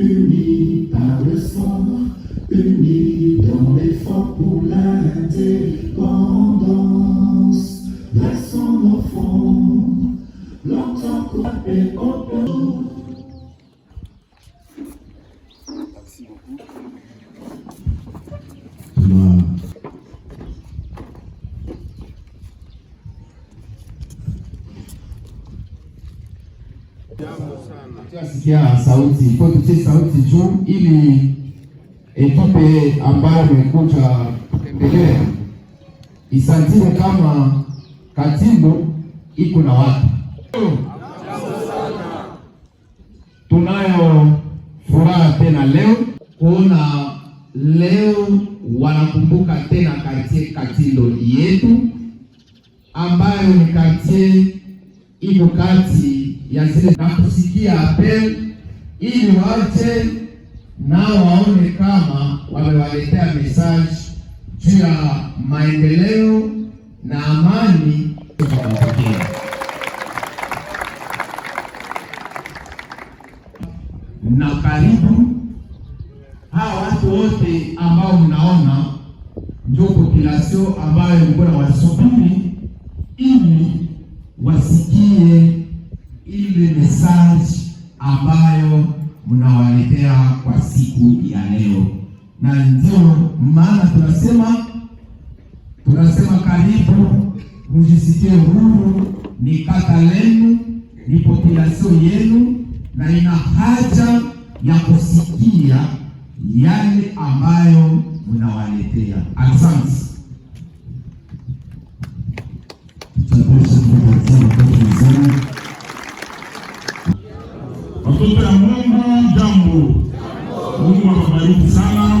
unis par le sang, unis dans l'effort pour l'indépendance. Laissons son enfant, longtemps quoi au au Sikia sauti ko tutie sauti juu ili ekipe ambayo imekuja kutembelea isantire kama katibu iko na watu. Tunayo furaha tena leo kuona leo wanakumbuka tena kartie Katindo yetu ambayo ni kartie iko kati ya na kusikia apel ili waache nao waone kama wamewaletea message juu ya maendeleo na amani Na karibu hawa watu wote ambao mnaona ndio population ambayo ilikuwa na wasubiri karibu, mujisikie huru. Ni kata lenu, ni populasio yenu, na ina haja ya kusikia yale ambayo mnawaletea. Asante. Watoto ya Mungu, jambo. Mungu awabariki sana.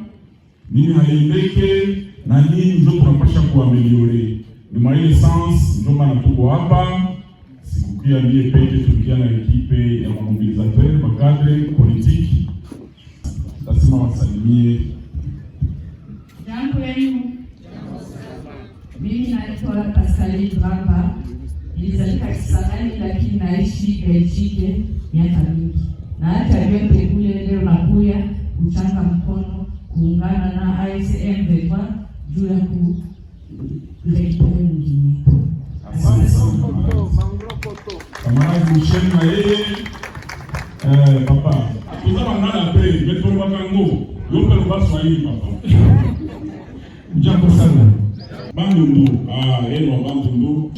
nini haiendeke na nini njo tunapasha kuameliore. Ni mwaile sans njo maana tuko hapa sikukia mie peke tukia na ekipe ya mamobilizateur makadre politiki, lazima wasalimie jambo yenu. Mimi naitwa Pascali Bramba, nilizalika Kisangani lakini naishi Belgique miaka mingi, na hata vyote kule leo nakuya kuchanga mkono kuungana na ICM VETA juu ya kuleta mwingine amaragurisheni yeye papa tuzavanana pe papa sana bandundu bandundu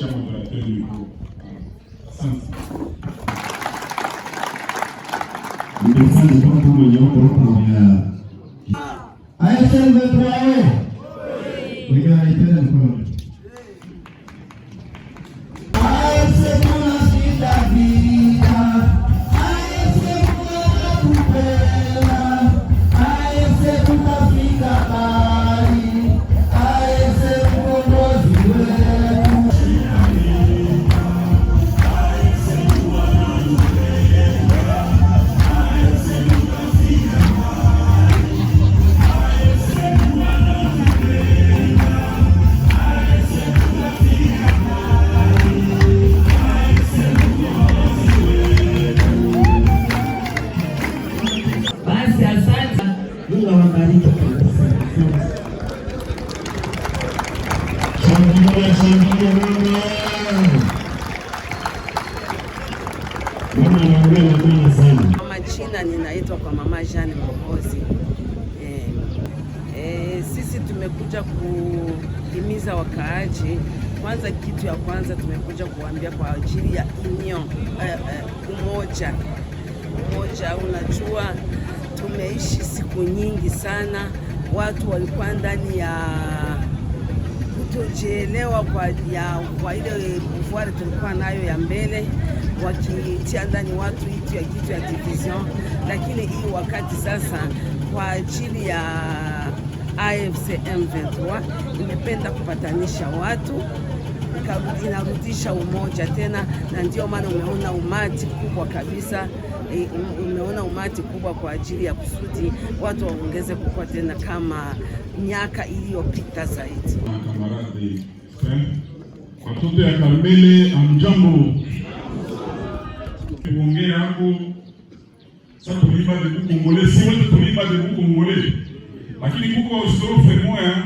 Kwa majina ninaitwa kwa mama Jeanne Mwokozi. Eh, eh, sisi tumekuja kuhimiza wakaaji. Kwanza kitu ya kwanza tumekuja kuambia kwa ajili ya union, eh, eh, umoja umoja. Unajua tumeishi siku nyingi sana, watu walikuwa ndani ya kujielewa kwa, ya, kwa ile pouvoir tulikuwa nayo ya mbele, wakitia ndani watu itu ya kitu ya division, lakini hii wakati sasa kwa ajili ya AFC M23 imependa kupatanisha watu inarudisha umoja tena, na ndio maana umeona umati kubwa kabisa umeona umati kubwa kwa ajili ya kusudi watu waongeze kukua tena kama miaka iliyopita zaidi. Eh? Watoto ya amjambo. si wote lakini kuko strofe moya,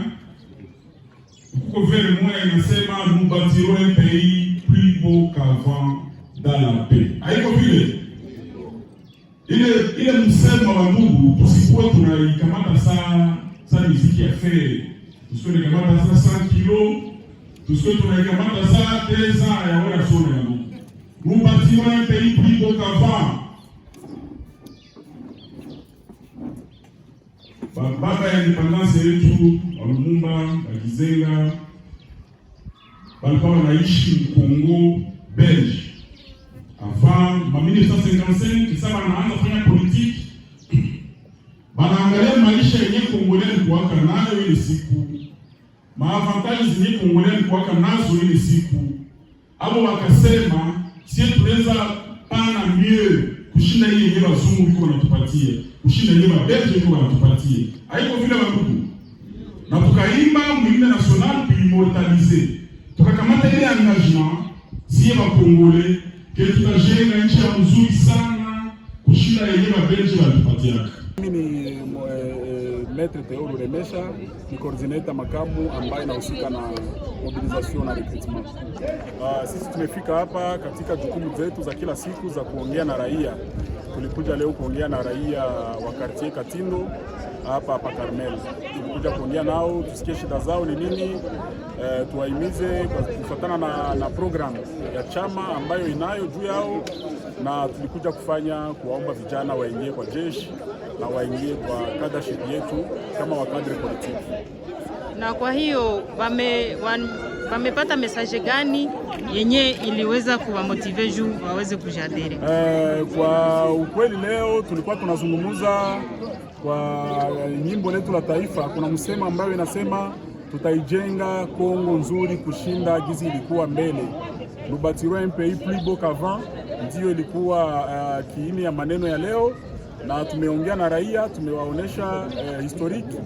kuko moya inasema nous bâtirons un pays plus beau qu'avant dans la paix. Haiko vile ile ile msemo wa Mungu tusikuwe tunaikamata saa saa miziki ya fere, tusikuwe tunaikamata saa saa kilo, tusikuwe tunaikamata saa pesa ya wala sona ya Mungu rubati wa pays plutôt kafa. baba ya independence yetu wa wa Bakizenga walikuwa wanaishi Kongo Belgium mahamu maminista senkanseni kisema kufanya politiki, banaangalia maisha yenye kongoleni kuwaka nayo ili siku maavantaji zenye kongoleni kuwaka nazo ili siku abo wakasema sie tunaweza pana mie kushinda hii yenye wazungu iko wanatupatia kushinda yenye wabeji iko wanatupatia haiko vile wakutu na tukaimba mwimbe national tuimmortalize tukakamata ile engagement sie bakongole Ketutajenga nchi ya mzuri sana kushinda yenyewe wabenzi walipatiaka. Mimi ni eh, eh Maitre Theo Ruremesha ni coordinator makamu ambaye anahusika na mobilisation na recruitment. Uh, sisi tumefika hapa katika jukumu zetu za kila siku za kuongea na raia. Tulikuja leo kuongea na raia wa quartier Katindo hapa hapa Karmel. Tulikuja kuongea nao tusikie shida zao ni nini, e, tuwahimize kufuatana na, na programu ya chama ambayo inayo juu yao, na tulikuja kufanya kuwaomba vijana waingie kwa jeshi na waingie kwa cadreship yetu kama wakadre politiki. Na kwa hiyo wamepata wame mesaje gani yenye iliweza kuwamotive juu waweze kujadili? E, kwa ukweli leo tulikuwa tunazungumza kwa nyimbo letu la taifa, kuna msemo ambayo inasema tutaijenga Kongo nzuri kushinda gizi ilikuwa mbele. Nous bâtirons un pays plus beau qu'avant, ndiyo ilikuwa uh, kiini ya maneno ya leo, na tumeongea na raia, tumewaonesha uh, historiki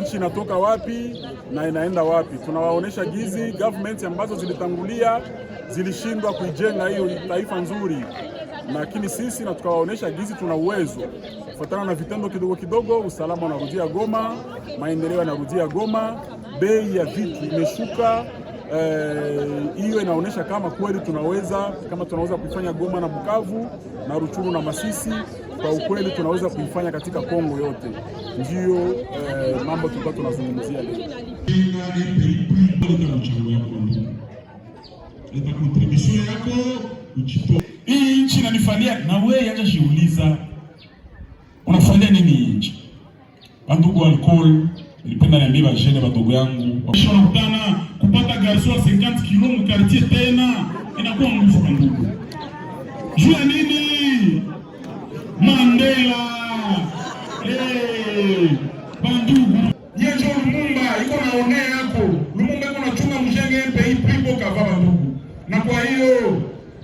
nchi inatoka wapi na inaenda wapi. Tunawaonesha gizi government ambazo zilitangulia zilishindwa kuijenga hiyo taifa nzuri, lakini sisi na tukawaonesha gizi tuna uwezo kufuatana na vitendo kidogo kidogo, usalama unarudia Goma, maendeleo yanarudia Goma, bei ya vitu imeshuka. Eh, hiyo e, inaonyesha kama kweli tunaweza kama tunaweza kuifanya Goma na Bukavu na Ruchuru na Masisi, kwa ukweli tunaweza kuifanya katika Kongo yote. Ndiyo e, eh, mambo tulikuwa tunazungumzia leo. Hii nchi na wewe acha shiuliza unafanya nini nje? Bandugu alcool nilipenda niambie bajene badogo yangu wanakutana kupata garso ya 50 kilo mu quartier tena inakuwa nguvu kwa ndugu. Juu ya nini? Mandela. Eh, bandugu. Nyenjo Lumumba iko naonea yako. Lumumba iko nachunga mjenge mpe ipo kavaa bandugu. Na kwa hiyo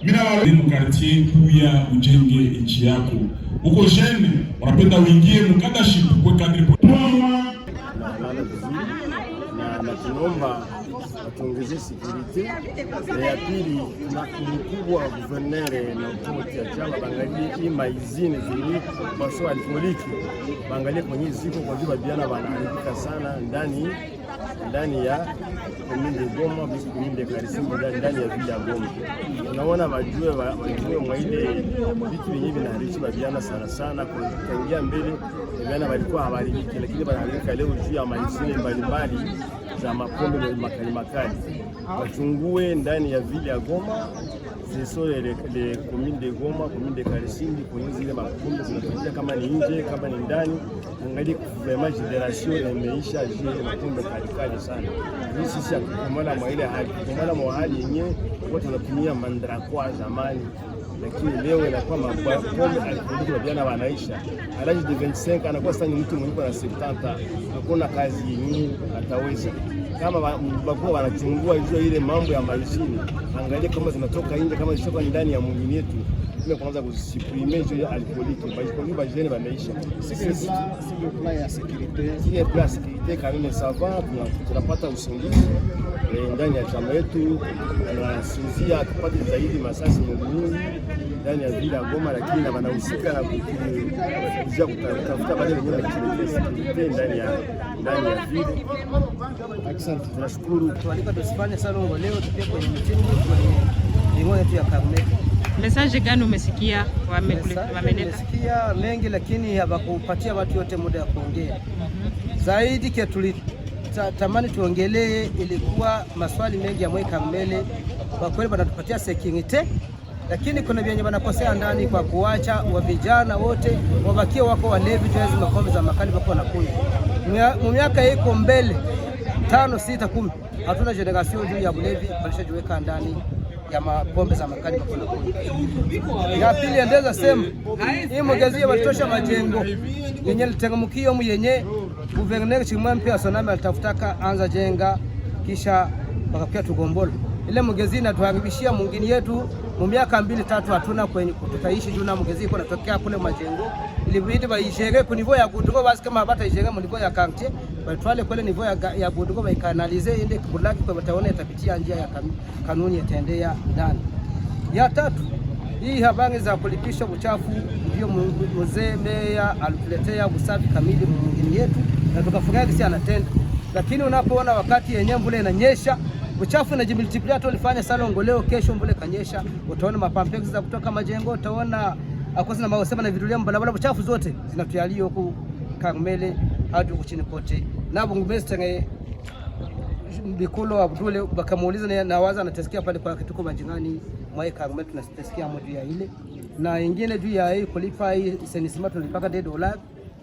Mina wale quartier kuya ujenge nchi yako. Uko jeune, unapenda uingie mkada shipu kwa kadri na tunaomba watuongezee Na Ya pili na mkubwa wa guvernere na ukomoti ya chama bangalie hii maizine zini maso alkoliki bangalie kwenye ziko kwa juu, vijana wanaharibika sana ndani ndani ya kuminde Goma bisi kuminde Karisimbo ndani ya vila ya Goma, unaona wajue wajue mwa vitu vyenyewe vinaharishi vijana sana sana. Kuingia mbele vijana walikuwa hawaharibiki, lakini wanaharibika leo juu ya maizine mbalimbali za mapombe makali makali wachungue ndani ya vile ya Goma zeso le commune de Goma commune de karisindi kwenye zile mapombe zinatokea, kama ni nje, kama ni ndani, angalie vraiment generation imeisha zile mapombe kalikali sana. Sisi sisi hatukumana mwa ile hali, tukumana mwa hali yenyewe, kwa tunatumia mandrakwa zamani lakini leo inakuwa mapombe na vijana wanaisha alaji de 25 anakuwa sasa ni mtu mwenye kwa sekta, hakuna kazi yenyewe ataweza kama bakuwa wanachungua hizo ile mambo ya malishini, angalia kama zinatoka nje, kama zishoka ndani ya mwili yetu, tume kwanza kusiprime hizo alkoliki bajikoni bajeni wameisha sisi sisi kwa ya securite sisi kwa ya securite kanuni sava tunapata usingizi Eh, ndani ya chama yetu tunasinzia tupate zaidi masasi mingi ndani ya vila Goma, lakini na wanahusika na kuzia kutafuta wale wenye sekurite ndani ya ndani ya vila. Asante, tunashukuru tualika tusifanye sana leo, tupia kwenye mtindo kwenye ngome yetu ya Karmel. Message gani umesikia? Wamesikia mengi, lakini hawakupatia watu yote muda ya kuongea mhm. zaidi kia ta, tamani tuongelee, ilikuwa maswali mengi ya mweka mbele. Kwa kweli wanatupatia sekingite, lakini kuna vyenye wanakosea ndani kwa kuacha wa vijana wote wabakie wako walevi, tuwezi makombe za makali wako wanakunywa. Mu miaka iko mbele tano sita kumi hatuna generation juu ya bulevi walishajiweka ndani ya mapombe za makali makunakuni. Ya pili endeza sema hii mugezi walitosha majengo yenye litengamukio mu yenye guverneri chimwe mpya sonami alitafutaka anza jenga kisha wakapia tugombole ile mugezi inatuharibishia mungini yetu mumiaka miaka mbili tatu hatuna kwenye tutaishi juna na mugezi iko natokea kule majengo libidi bayisheke ku nivo ya gudu basi kama bata batayisheka mu nivo ya quartier batwale kwele nivo ya, ya gudu ba ikanalize ende kubulaki kwa bataone tapitia njia ya kanuni yatendea ndani ya tatu hii habari za kulipisha uchafu ndio mzee meya alituletea usafi kamili mwingine yetu na tukafurahi si anatenda, lakini unapoona wakati yenyewe mvule inanyesha uchafu na jimiltipliato ulifanya salongo leo, kesho mbule kanyesha, utaona mapampeksi za kutoka majengo, utaona Hakusi na maosema na vidulia mbalabala chafu zote zinatuyalio huku Karmele hadi huku chini kote. Na bungu mestre Bikulo Abdule bakamuuliza na nawaza anatesikia pale kwa kituko majingani mwae Karmele tunatesikia moja ya ile. Na ingine juu ya hii kulipa hii senisima tunalipaka de dola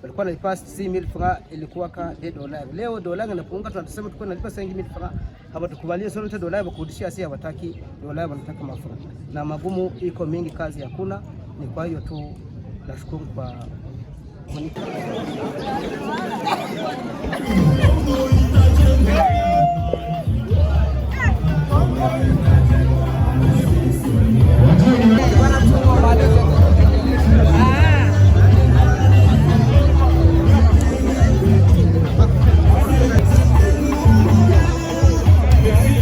walikuwa nalipa mil francs ilikuwa ka de dola. Leo dola inapunga tunasema tulikuwa nalipa mil francs. Hapa tukubalia sio tu dola bakurudishia, si hawataki dola, wanataka mafuta Na magumu iko mingi, kazi hakuna. Ni kwa hiyo tu nashukuru kwa